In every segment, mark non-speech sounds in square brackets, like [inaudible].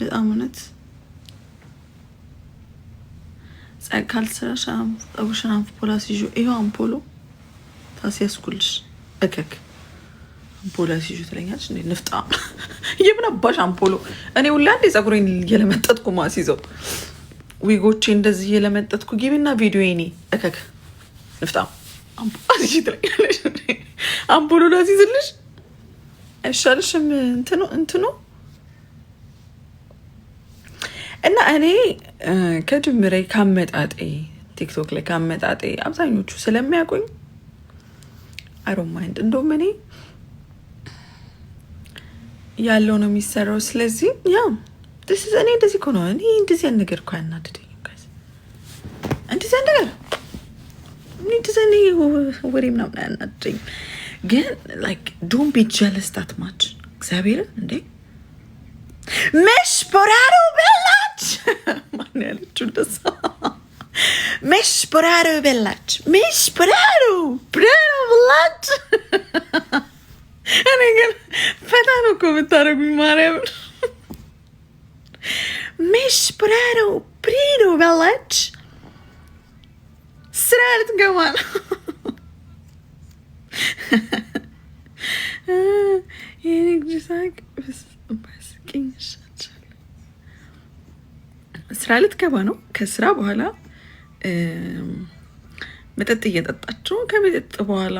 በጣም እውነት ጸካል ስራሽ ጠጉርሽን አምፖላ ሲይዙ ይኸው አምፖሎ ታስያዝኩልሽ እከክ አምፖላ ሲይዙ ትለኛለች እንዴ ንፍጣ [laughs] የምን አምፖሎ እኔ ሁላ እንዴ ጸጉሬን እየለመጠጥኩ ማስይዘው ዊጎቼ እንደዚህ እየለመጠጥኩ ጊቢና ቪዲዮ ኔ እከክ ንፍጣ አምፖላ ሲይዙ ትለኛለች አምፖሎ ላሲይዝልሽ አይሻልሽም እንትኑ እንትኑ እና እኔ ከጅምሬ ካመጣጤ ቲክቶክ ላይ ካመጣጤ አብዛኞቹ ስለሚያውቁኝ አሮማይንድ ማይንድ እንደውም እኔ ያለው ነው የሚሰራው። ስለዚህ ያ ስ እኔ እንደዚህ ከሆነ እኔ እንደዚህ ነገር እኮ ያናድደኝ እንደዚህ ነገር እኔ እንደዚህ ወሬ ምናምን አያናድደኝ፣ ግን ላይክ ዶን ቢ ጀለስ ታት ማች እግዚአብሔርን እንዴ ምሽ ቦራሩ በላ Bellaç. Mano, şuradasın. Meş poraro Bellaç. Meş poraro. Poraro Bellaç. Hani gel. Feda no comentário com será que poraro. Priro Bellaç. Certo, gaman. Erik Cüsak. Biz başka ስራ ልትገባ ነው። ከስራ በኋላ መጠጥ እየጠጣችው ከመጠጥ በኋላ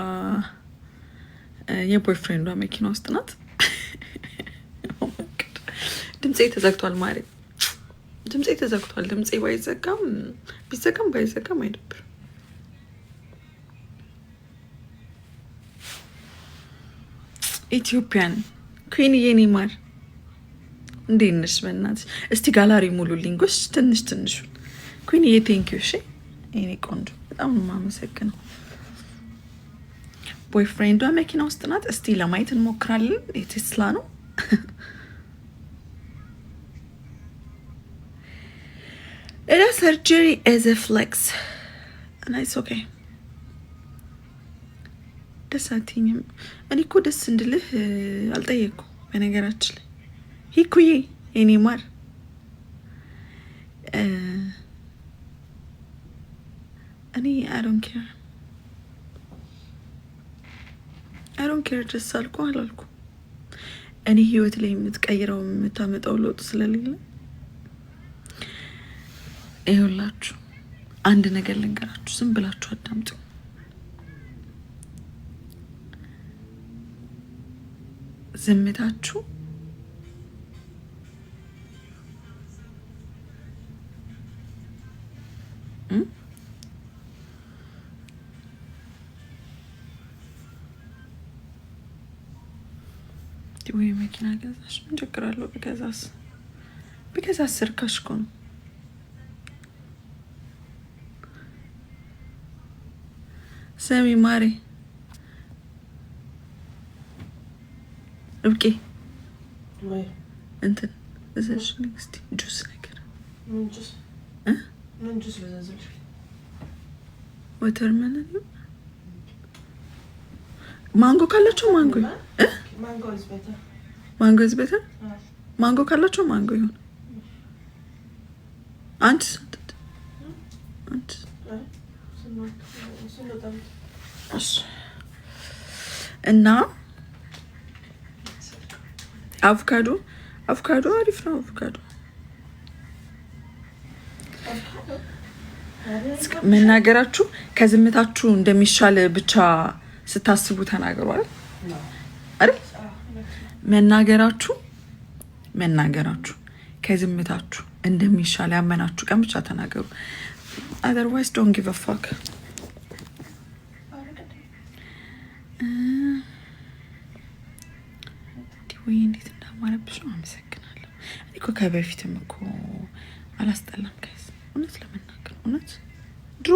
የቦይፍሬንዷ መኪና ውስጥ ናት። [laughs] oh ድምፄ ተዘግቷል ማለት ድምፄ ተዘግቷል። ድምፄ ባይዘጋም ቢዘጋም ባይዘጋም አይደብርም። ኢትዮጵያን ኩዊን የኔ ማር እንዴት ነሽ? በእናትሽ እስቲ ጋላሪ ሙሉልኝ ጎሽ፣ ትንሽ ትንሹ ኩን ይሄ ቴንክ ዩ። እሺ የእኔ ቆንጆ በጣም የማመሰግነው። ቦይፍሬንዷ መኪና ውስጥ ናት። እስቲ ለማየት እንሞክራለን። የቴስላ ነው። እዳ ሰርጀሪ ኢዝ ኤ ፍሌክስ እና ኢትስ ኦኬ። ደስ አትይኝም? እኔ እኮ ደስ እንድልህ አልጠየቅኩም በነገራችን ላይ ሂኩዬ የኔ ማር እኔ አሮን ኬር አሮን ኬር ደስ አልኩ አላልኩ እኔ ህይወት ላይ የምትቀይረው የምታመጣው ለውጥ ስለሌለ ይሁላችሁ አንድ ነገር ልንገራችሁ፣ ዝም ብላችሁ አዳምጡ። ዝምታችሁ ወይ hmm? መኪና ገዛሽ? ምን ችግር አለው? ብገዛስ ብገዛስ ርካሽ እኮ ነው። ሰሚ ማሬ እብቄ እንትን እዛሽ ጁስ ነገር ምን ጁስ ልዘዝልሽ? ወተርመለን ነው። ማንጎ ካላቸው ማንጎ ማንጎ ኢዝ ቤተር። ማንጎ ካላቸው ማንጎ ይሁን። አንቺ አንቺ እና አቮካዶ አቮካዶ አሪፍ ነው አቮካዶ መናገራችሁ ከዝምታችሁ እንደሚሻል ብቻ ስታስቡ ተናግሯል አይደል መናገራችሁ መናገራችሁ ከዝምታችሁ እንደሚሻል ያመናችሁ ቀን ብቻ ተናገሩ። አዘርዋይስ ዶን ጊቭ ፋክ ወይ እንዴት እንዳማረብሽ ነው። አመሰግናለሁ እኮ ከበፊትም እኮ አላስጠላም። ከዚህ እውነት ለመናገር እውነት ድሮ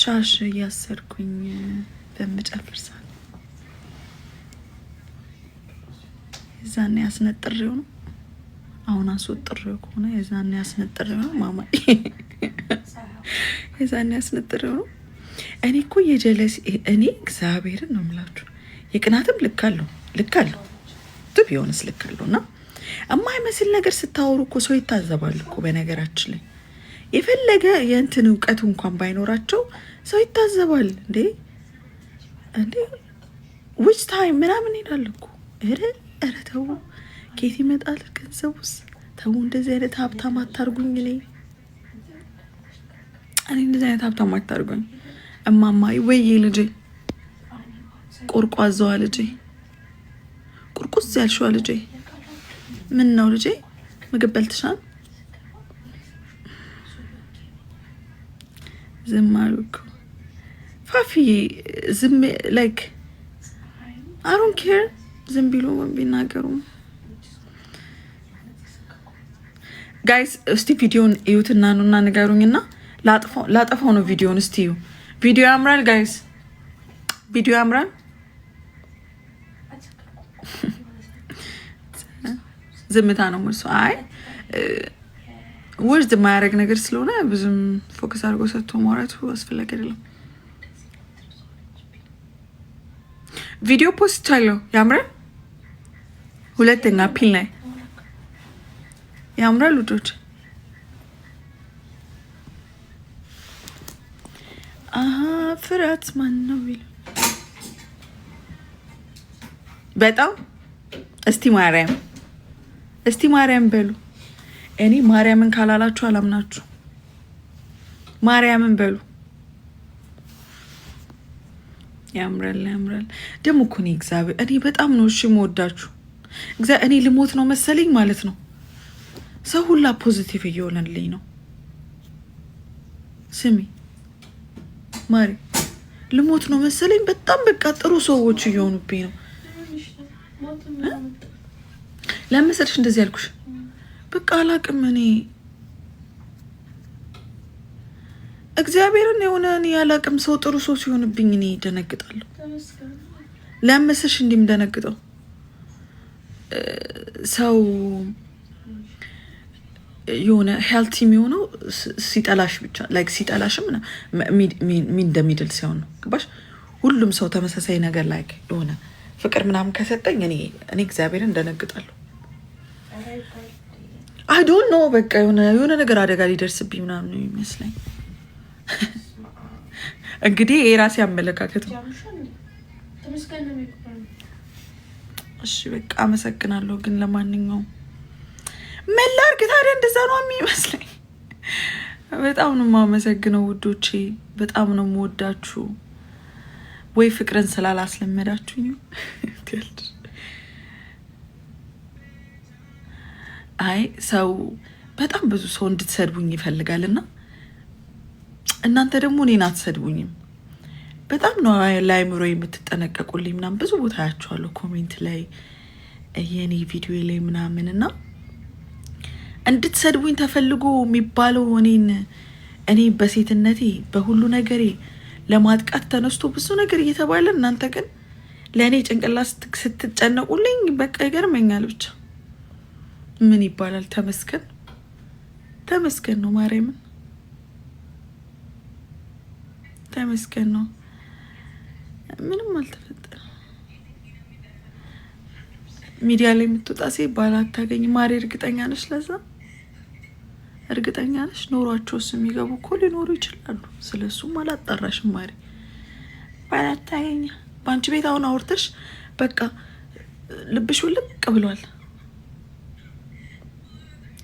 ሻሽ እያሰርኩኝ በምጨፍር ሰዓት የዛን ያስነጥሬው ነው። አሁን አስወጥሬው ከሆነ የዛን ያስነጥሬው ነው። ማማ የዛን ያስነጥሬው ነው። እኔ እኮ የጀለሲ እኔ እግዚአብሔርን ነው የምላችሁ። የቅናትም ልክ አለው ልክ አለው ትብ የሆነስ ልክ አለው እና የማይመስል ነገር ስታወሩ እኮ ሰው ይታዘባል እኮ በነገራችን ላይ የፈለገ የእንትን እውቀቱ እንኳን ባይኖራቸው ሰው ይታዘባል። እንዴ እንዴ ውጭ ታይም ምናምን ይላል እኮ ረ ረ ተው፣ ኬት ይመጣል ገንዘብ ውስጥ ተው፣ እንደዚህ አይነት ሀብታም አታርጉኝ። እኔ እኔ እንደዚህ አይነት ሀብታም አታርጉኝ። እማማይ ወይዬ ልጄ፣ ቆርቋዘዋ ልጄ፣ ቁርቁዝ ያልሸዋ ልጄ፣ ምን ነው ልጄ፣ ምግብ በልትሻል ዝም አልኩ። ፋፊዬ ዝም ላይክ አሮን ኬር ዝም ቢሉ ቢናገሩም ጋይስ እስቲ ቪዲዮን እዩትና ኑና ንገሩኝ። እና ላጠፋው ነው ቪዲዮን። እስቲ እዩ። ቪዲዮ ያምራል ጋይስ፣ ቪዲዮ ያምራል። [laughs] ዝምታ ነው መልሱ። አይ ወርድ የማያደርግ ነገር ስለሆነ ብዙም ፎከስ አድርጎ ሰጥቶ ማውራቱ አስፈላጊ አይደለም። ቪዲዮ ፖስት አለው ያምራል። ሁለተኛ ፒል ላይ ያምራል ልጆች። ፍርሃት ማን ነው በጣም እስቲ ማርያም እስቲ ማርያም በሉ እኔ ማርያምን ካላላችሁ አላምናችሁ። ማርያምን በሉ። ያምራል ያምራል። ደግሞ እኮ እኔ እግዚአብሔር እኔ በጣም ነው እሺ የምወዳችሁ። እኔ ልሞት ነው መሰለኝ ማለት ነው። ሰው ሁላ ፖዚቲቭ እየሆነልኝ ነው። ስሚ ማሪ ልሞት ነው መሰለኝ። በጣም በቃ ጥሩ ሰዎች እየሆኑብኝ ነው። ለምን መሰለሽ እንደዚህ ያልኩሽ በቃ አላቅም። እኔ እግዚአብሔርን የሆነ እኔ ያላቅም ሰው ጥሩ ሰው ሲሆንብኝ እኔ ደነግጣለሁ። ለምስሽ እንዲህም ደነግጠው ሰው የሆነ ሄልቲ የሚሆነው ሲጠላሽ ብቻ ላይክ ሲጠላሽም እንደሚድል ሲሆን ነው። ግባሽ ሁሉም ሰው ተመሳሳይ ነገር ላይክ የሆነ ፍቅር ምናምን ከሰጠኝ እኔ እኔ እግዚአብሔርን ደነግጣለሁ። አይዶን ነው ኖ በቃ የሆነ ነገር አደጋ ሊደርስብኝ ምናምን ነው የሚመስለኝ። [laughs] እንግዲህ የራሴ አመለካከት ነው። እሺ በቃ አመሰግናለሁ። ግን ለማንኛውም ምን ላድርግ ታዲያ፣ እንደዛ ነው የሚመስለኝ። [laughs] በጣም ነው የማመሰግነው ውዶቼ፣ በጣም ነው የምወዳችሁ። ወይ ፍቅርን ስላላስለመዳችሁኝ [laughs] አይ ሰው በጣም ብዙ ሰው እንድትሰድቡኝ ይፈልጋል እና እናንተ ደግሞ እኔን አትሰድቡኝም። በጣም ነው ለአእምሮ የምትጠነቀቁልኝ ምናም ብዙ ቦታ ያቸዋለሁ ኮሜንት ላይ የኔ ቪዲዮ ላይ ምናምን እና እንድትሰድቡኝ ተፈልጎ የሚባለው እኔን እኔ በሴትነቴ በሁሉ ነገሬ ለማጥቃት ተነስቶ ብዙ ነገር እየተባለ እናንተ ግን ለእኔ ጭንቅላ ስትጨነቁልኝ በቃ ይገርመኛል ብቻ ምን ይባላል? ተመስገን ተመስገን ነው። ማርያምን ተመስገን ነው። ምንም አልተፈጠረም። ሚዲያ ላይ የምትወጣ ሴ ባል አታገኝ። ማሪ እርግጠኛ ነች። ለዛ እርግጠኛ ነች። ኖሯቸውስ የሚገቡ እኮ ሊኖሩ ይችላሉ። ስለሱ አላጣራሽም። ማሪ ባል አታገኝ። በአንቺ ቤት አሁን አውርተሽ በቃ ልብሽ ውልቅ ብሏል።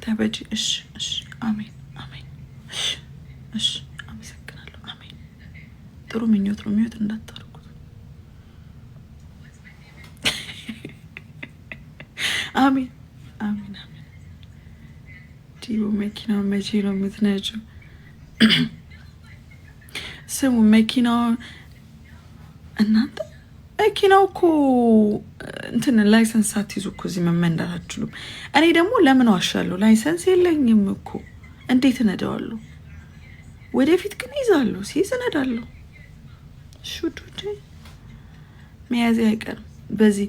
ተበጂ። እሺ፣ እሺ፣ አሜን፣ አሜን፣ እሺ። አመሰግናለሁ። አሜን። ጥሩ ምኞት ነው። ምኞት እንዳታርጉት። አሜን፣ አሜን፣ አሜን። ዲቦ መኪናው መቼ ነው የምትነጂው? ስሙ መኪናው እናንተ መኪናው እኮ እንትን ላይሰንስ ሳትይዙ እኮ እዚህ መመንዳት አትችሉም። እኔ ደግሞ ለምን ዋሻለሁ? ላይሰንስ የለኝም እኮ እንዴት እነደዋለሁ? ወደፊት ግን ይዛለሁ፣ ሲይዝ እነዳለሁ። ሹዱድ መያዝያ አይቀርም። በዚህ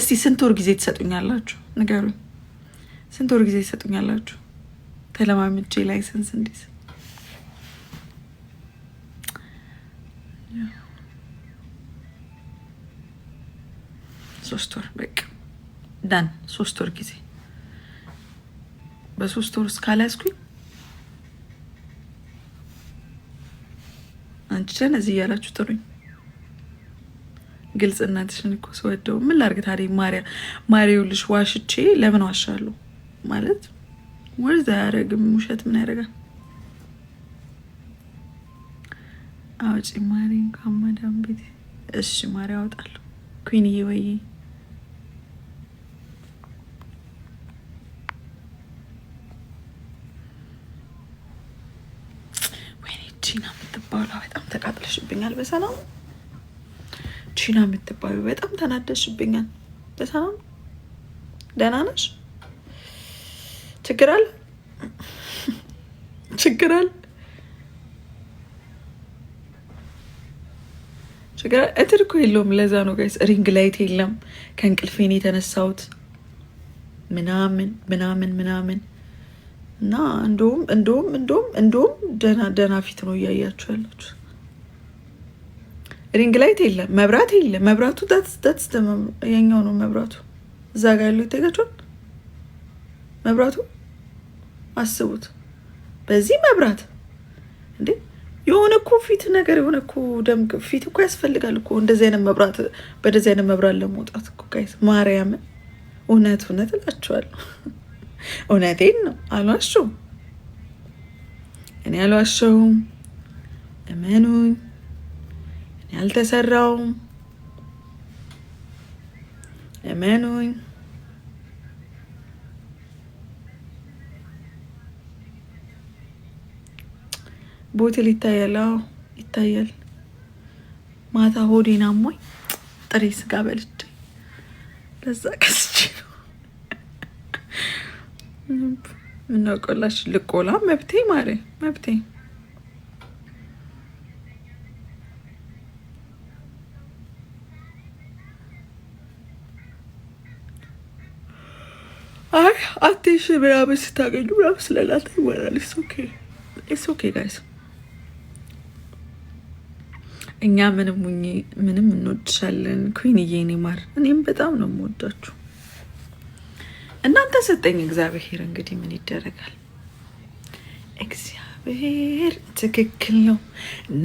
እስቲ ስንት ወር ጊዜ ትሰጡኛላችሁ? ንገሩኝ። ስንት ወር ጊዜ ትሰጡኛላችሁ? ተለማምጄ ላይሰንስ እንዲይዝ ሶስት ወር በቃ ዳን ሶስት ወር ጊዜ በሶስት ወር ውስጥ ካላያዝኩኝ አንቺን እዚህ እያላችሁ ጥሩኝ። ግልጽነትሽን እኮ ስወደው ምን ላርግ ታዲያ? ማሪያ ማሪው ልሽ ዋሽቼ ለምን ዋሻለሁ ማለት ወርዝ አያደርግም። ውሸት ምን ያደርጋል? አውጪ ማሪ እንኳን ማዳም ቤት እሺ፣ ማሪ አወጣለሁ ኩኒዬ ወይ ተናደሽብኛል። በሰላም ቺና የምትባዩ በጣም ተናደሽብኛል። በሰላም ደህና ነሽ? ችግር አለ? [laughs] ችግር አለ? ችግር አለ? እትር እኮ የለውም። ለዛ ነው ጋይስ ሪንግ ላይት የለም። ከእንቅልፌን የተነሳሁት ምናምን ምናምን ምናምን እና እንደውም እንደውም እንደውም እንደውም ደህና ደህና ፊት ነው እያያችሁ ያላችሁ። ሪንግ ላይት የለም፣ መብራት የለም። መብራቱ ዳትስ የኛው ነው መብራቱ እዛ ጋር ያለው ይታያቸዋል። መብራቱ አስቡት፣ በዚህ መብራት እንዴ! የሆነ እኮ ፊት ነገር የሆነ እኮ ደም ፊት እኮ ያስፈልጋል እኮ እንደዚህ አይነት መብራት፣ በደዚህ አይነት መብራት ለመውጣት እኮ ጋይስ፣ ማርያምን እውነት እውነት እላቸዋለሁ። [laughs] እውነቴን ነው አልዋሸሁም፣ እኔ አልዋሸሁም። እመኑኝ። ያልተሰራውም እመኑኝ። ቦትል ይታያል። አዎ ይታያል። ማታ ሆዴን አሞኝ ጥሬ ስጋ በልቼ ለዛ ከስቼ ነው። ምነው ቆላሽ ልቆላ መብቴ ማሬ መብቴ አይ አቴንሽን ምናምን ስታገኙ ምናምን ስለ እናንተ ይወራል። ኢትስ ኦኬ ጋይስ፣ እኛ ምንም ሁኚ ምንም እንወድሻለን ኩንዬ፣ እኔ ማር፣ እኔም በጣም ነው የምወዳችሁ። እናንተ ሰጠኝ እግዚአብሔር። እንግዲህ ምን ይደረጋል፣ እግዚአብሔር ትክክል ነው።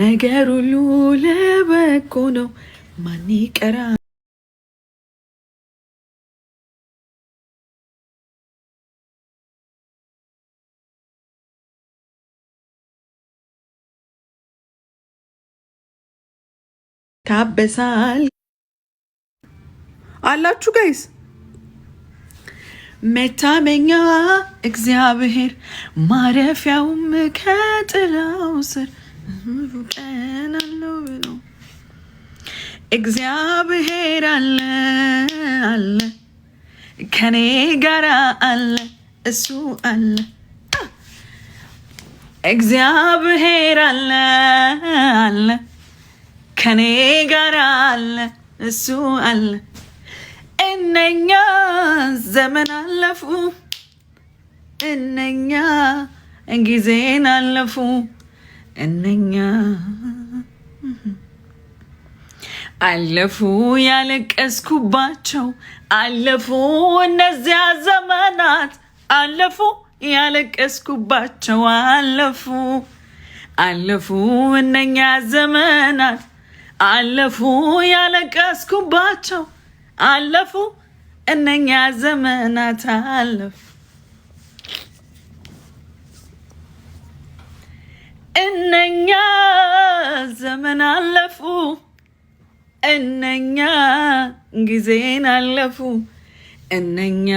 ነገር ሁሉ ለበጎ ነው። ማን ይቀራ ታበሳል አላችሁ ጋይስ። መታመኛ እግዚአብሔር ማረፊያውም ከጥላው ስር ቀን አለው ብሎ እግዚአብሔር አለ አለ ከኔ ጋራ አለ እሱ አለ እግዚአብሔር አለ አለ ከኔ ጋር አለ እሱ አለ። እነኛ ዘመን አለፉ እነኛ ጊዜን አለፉ እነኛ አለፉ ያለቀስኩባቸው አለፉ እነዚያ ዘመናት አለፉ ያለቀስኩባቸው አለፉ አለፉ እነኛ ዘመናት አለፉ ያለቀስኩባቸው አለፉ እነኛ ዘመናት አለፉ እነኛ ዘመን አለፉ እነኛ ጊዜን አለፉ እነኛ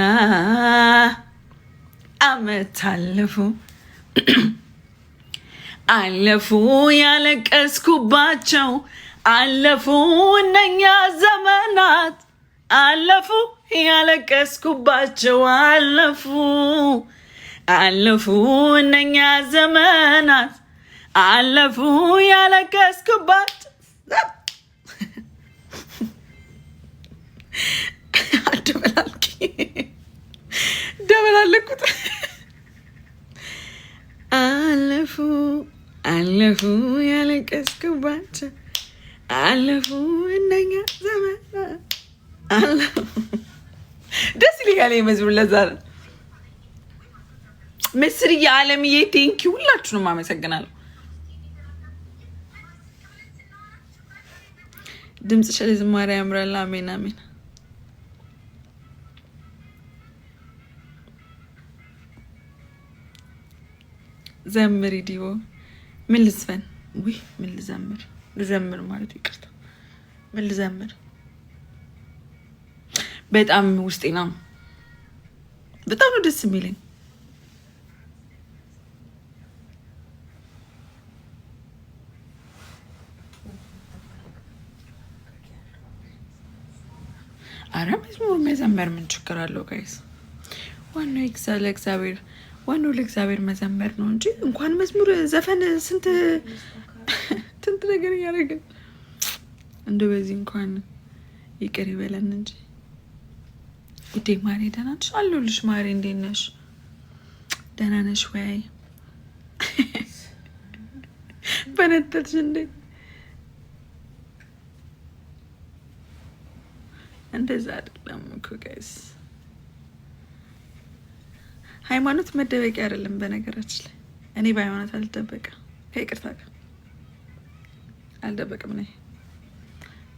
አመት አለፉ [clears throat] አለፉ ያለቀስኩባቸው አለፉ እነኛ ዘመናት አለፉ ያለቀስኩባቸው አለፉ አለፉ እነኛ ዘመናት አለፉ ያለቀስኩባቸው ደበላለኩት አለፉ አለፉ ያለቀስኩባቸው አለፉ እነኛ ዘመናት አለፉ። ደስ ይለኛል መዝሙር። ለዛ ነው ምስርዬ፣ አለምዬ ቴንኪ ሁላችሁንም አመሰግናለሁ። ድምፅ ሸለ ያምራል። አሜን አሜን። ዘምሪ ዲቦ ምን ልዝፈን? ውይ ምን ልዘምር? ልዘምር ማለት ይቅርታ፣ ምን ልዘምር? በጣም ውስጤ ነው። በጣም ነው ደስ የሚለኝ። አረ መዝሙር መዘመር ምን ችግር አለው ጋይስ? ዋናው ለእግዚአብሔር ዋናው ለእግዚአብሔር መዘመር ነው እንጂ እንኳን መዝሙር ዘፈን ስንት ስንት ነገር እያደረግን እንደ በዚህ እንኳን ይቅር ይበለን እንጂ ውዴ ማሬ ደህና ነሽ? አለሁልሽ ማሬ፣ እንዴት ነሽ? ደህና ነሽ ወይ? በነጠልሽ [laughs] እንዴ! እንደዛ አይደለም እኮ ጋይስ። ሃይማኖት መደበቂያ አይደለም። በነገራችን ላይ እኔ በሃይማኖት አልደበቀ ከይቅርታ ጋር አልደበቅም ነ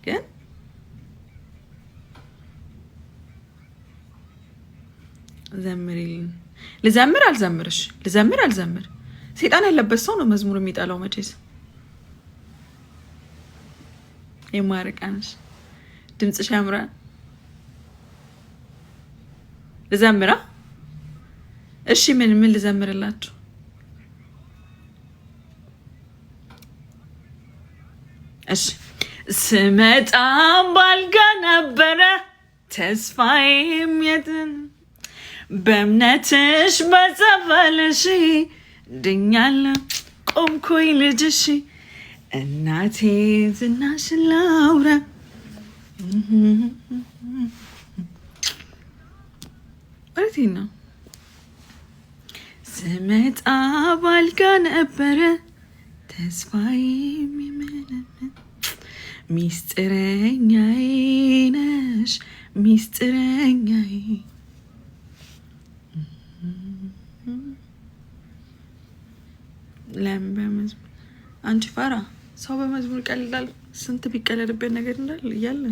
ግን ዘምሪልኝ። ልዘምር አልዘምርሽ፣ ልዘምር አልዘምር። ሴጣን ያለበት ሰው ነው መዝሙር የሚጠላው። መቼስ የማርቃንሽ ድምፅሽ ያምራል። ልዘምራ? እሺ ምን ምን ልዘምርላችሁ? እሺ ስመጣም ባልጋ ነበረ ተስፋዬም የትን በእምነትሽ በጸበልሽ ድኛለ ቆምኩኝ ልጅሽ እናቴ ዝናሽን ላውራ ማለት ነው። ስመጣ ባልጋ ነበረ ተስፋዬም ሚስጥረኛዬ ነሽ ሚስጥረኛዬ ለምን በመዝሙር አንቺ ፈራ ሰው በመዝሙር ይቀልዳል። ስንት ቢቀለድበት ነገር እንዳል እያለ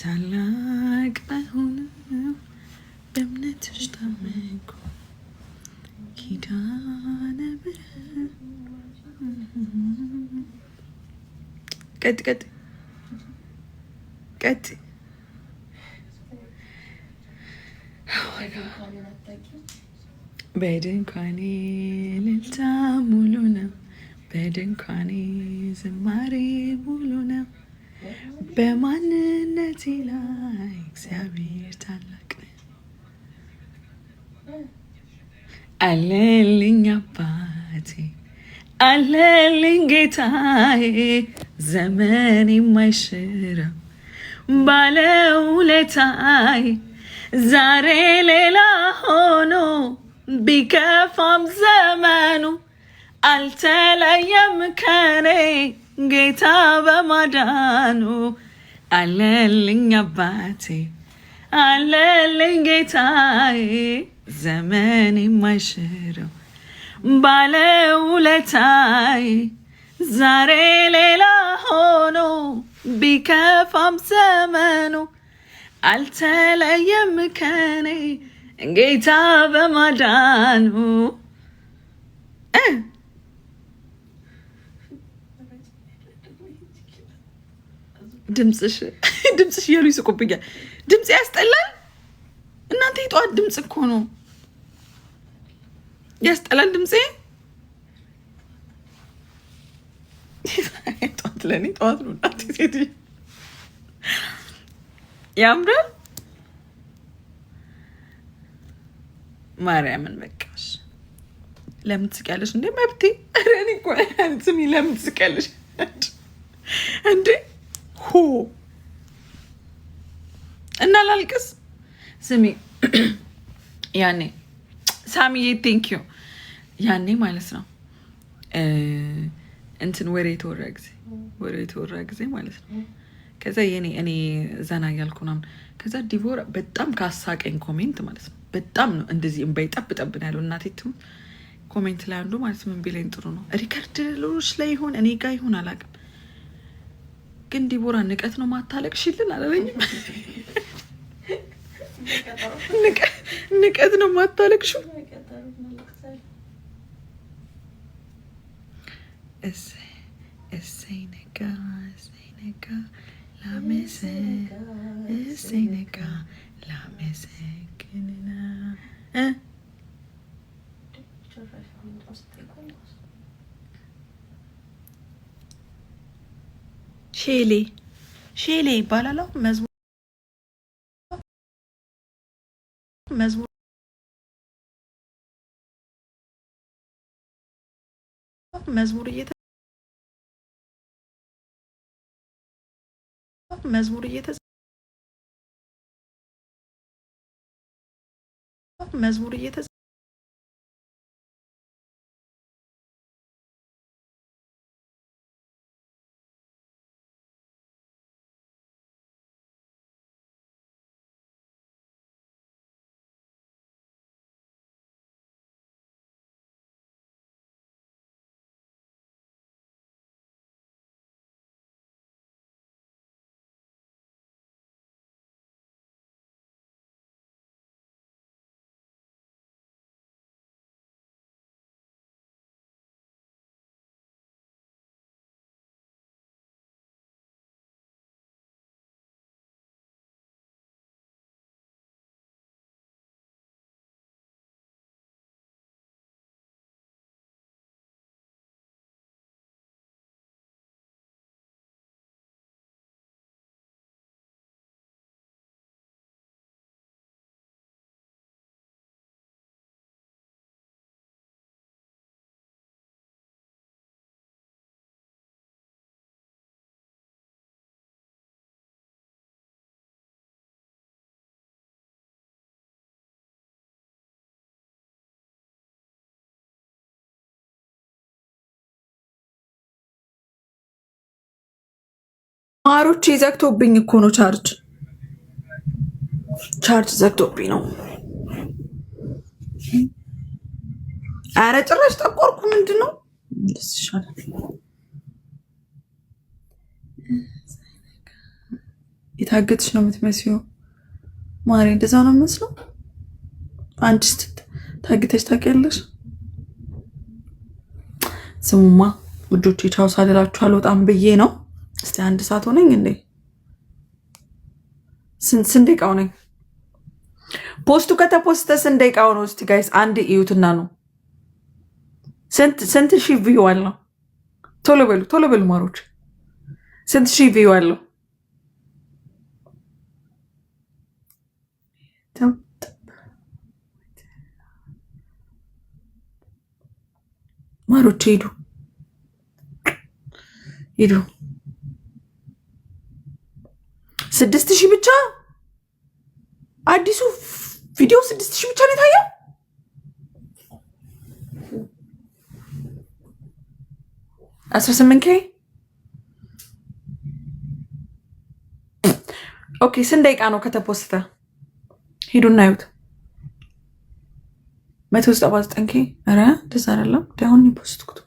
ታላቅ ሆነ በእምነትሽ ታመንኩ ኪዳነ ምሕረት ቀጥቀጥ ቀጥ በድንኳኔ ልልታ ሙሉ ነው። በድንኳኔ ዝማሬ ሙሉ ነው። በማንነቴ ላይ እግዚአብሔር ታላቅ አለልኝ አባቴ አለልኝ ጌታዬ ዘመን የማይሽረው ባለውለታይ ዛሬ ሌላ ሆኖ ቢከፋም ዘመኑ አልተለየም ከኔ ጌታ በማዳኑ አለልኝ አባቴ አለልኝ ጌታዬ ዘመን የማይሽረው ባለውለታይ ዛሬ ሌላ ሆኖ ቢከፋም ዘመኑ አልተለየም ከኔ እንጌታ በማዳኑ ድምፅሽ ድምፅሽ እያሉ ይስቁብኛል። ድምፅ ያስጠላል። እናንተ የጠዋት ድምፅ እኮ ነው ያስጠላል ድምፄ ለእኔ ጠዋት ነው እናቴ። ሴት ያምራል። ማርያምን በቃሽ። ለምን ትስቂያለሽ እንዴ? መብቴ ረኔ ስሚ፣ ለምን ትስቂያለሽ እንዴ? ሆ እና ላልቅስ። ስሚ ያኔ ሳሚዬ ቴንኪዩ ያኔ ማለት ነው እንትን ወሬ የተወራ ጊዜ ወሬ የተወራ ጊዜ ማለት ነው። ከዛ የኔ እኔ ዘና እያልኩ ምናምን ከዛ ዲቦራ በጣም ካሳቀኝ ኮሜንት ማለት ነው። በጣም ነው እንደዚህ እምባይ ጠብ ጠብ ነው ያለው። እናቴትም ኮሜንት ላይ አንዱ ማለት ምን ቢለኝ ጥሩ ነው ሪከርድ ሎች ላይ ይሆን እኔ ጋ ይሆን አላውቅም፣ ግን ዲቦራ ንቀት ነው ማታለቅ ሽልን አላለኝም። ንቀት ነው ማታለቅ ማታለቅሽው الس السينكا السينكا la messe شيلي شيلي بالا لو مزمور مزمور መዝሙር መዝሙር እየተዘ መዝሙር እየተዘ ማሮች ዘግቶብኝ እኮ ነው። ቻርጅ ቻርጅ ዘግቶብኝ ነው። አረ ጭራሽ ጠቆርኩ። ምንድን ነው የታገትሽ ነው የምትመስለው ማሪ፣ እንደዛ ነው የምመስለው። አንቺ ታግተሽ ታውቂያለሽ? ስሙማ ውዶቼ ቻው ሳልላችሁ አልወጣም ብዬ ነው እስቲ አንድ ሰዓት ሆነኝ እንዴ? ስንት ደቂቃ ሆነኝ? ፖስቱ ከተፖስተ ስንት ደቂቃ ሆነው? እስቲ ጋይስ አንድ እዩትና ነው ስንት ሺ ቪዩ አለው? ቶሎ በሉ ቶሎ በሉ ማሮች፣ ስንት ሺ ቪዩ አለው? ማሮች ሂዱ ሂዱ። ስድስት ሺህ ብቻ አዲሱ ቪዲዮ ስድስት ሺህ ብቻ ነው የታየው። አስራ ስምንት ኬ ኦኬ። ስንት ደቂቃ ነው ከተፖስተ? ሂዱና እናዩት። መቶ ዘጠና ዘጠኝ ኬ ኧረ እንደዛ አይደለም ዳሁን ፖስትኩት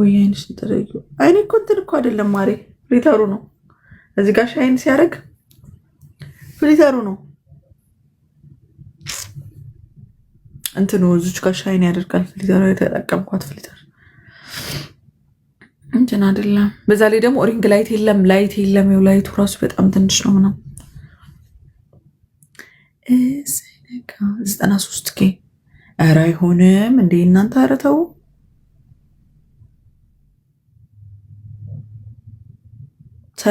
ወይ አይንሽን ተደርጊ። አይኔ እኮ እንትን እኮ አይደለም ማሬ፣ ፍሊተሩ ነው እዚህ ጋር ሻይን ሲያደርግ ፍሊተሩ ነው እንትኑ እዚች ጋር ሻይን ያደርጋል። ፍሊተሩ የተጠቀምኳት ፍሊተር እንትን አይደለም። በዛ ላይ ደግሞ ሪንግ ላይት የለም፣ ላይት የለም። ይኸው ላይቱ ራሱ በጣም ትንሽ ነው ምናምን ዘጠና ሶስት ኬ ኧረ አይሆንም እንዴ እናንተ ኧረ ተው